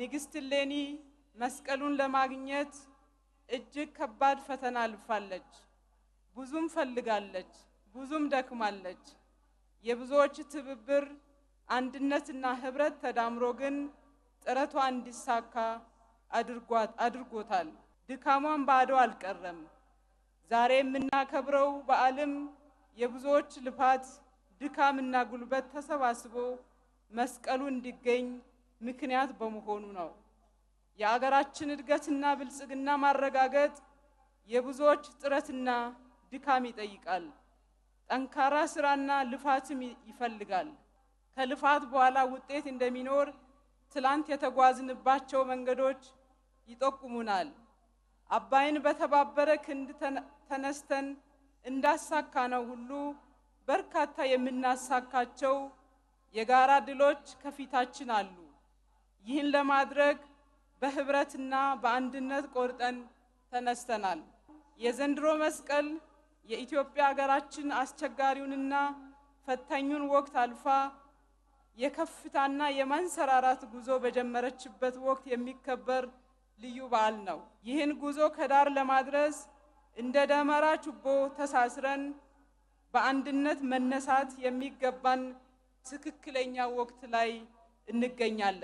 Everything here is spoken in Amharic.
ንግስት ሌኒ መስቀሉን ለማግኘት እጅግ ከባድ ፈተና አልፋለች። ብዙም ፈልጋለች፣ ብዙም ደክማለች። የብዙዎች ትብብር አንድነትና ህብረት ተዳምሮ ግን ጥረቷ እንዲሳካ አድርጎታል። ድካሟን ባዶ አልቀረም። ዛሬ የምናከብረው በዓልም የብዙዎች ልፋት ድካምና ጉልበት ተሰባስቦ መስቀሉ እንዲገኝ ምክንያት በመሆኑ ነው። የአገራችን እድገትና ብልጽግና ማረጋገጥ የብዙዎች ጥረትና ድካም ይጠይቃል። ጠንካራ ስራና ልፋትም ይፈልጋል። ከልፋት በኋላ ውጤት እንደሚኖር ትላንት የተጓዝንባቸው መንገዶች ይጠቁሙናል። አባይን በተባበረ ክንድ ተነስተን እንዳሳካ ነው ሁሉ በርካታ የምናሳካቸው የጋራ ድሎች ከፊታችን አሉ። ይህን ለማድረግ በህብረትና በአንድነት ቆርጠን ተነስተናል። የዘንድሮ መስቀል የኢትዮጵያ ሀገራችን አስቸጋሪውንና ፈታኙን ወቅት አልፋ የከፍታና የማንሰራራት ጉዞ በጀመረችበት ወቅት የሚከበር ልዩ በዓል ነው። ይህን ጉዞ ከዳር ለማድረስ እንደ ደመራ ችቦ ተሳስረን በአንድነት መነሳት የሚገባን ትክክለኛ ወቅት ላይ እንገኛለን።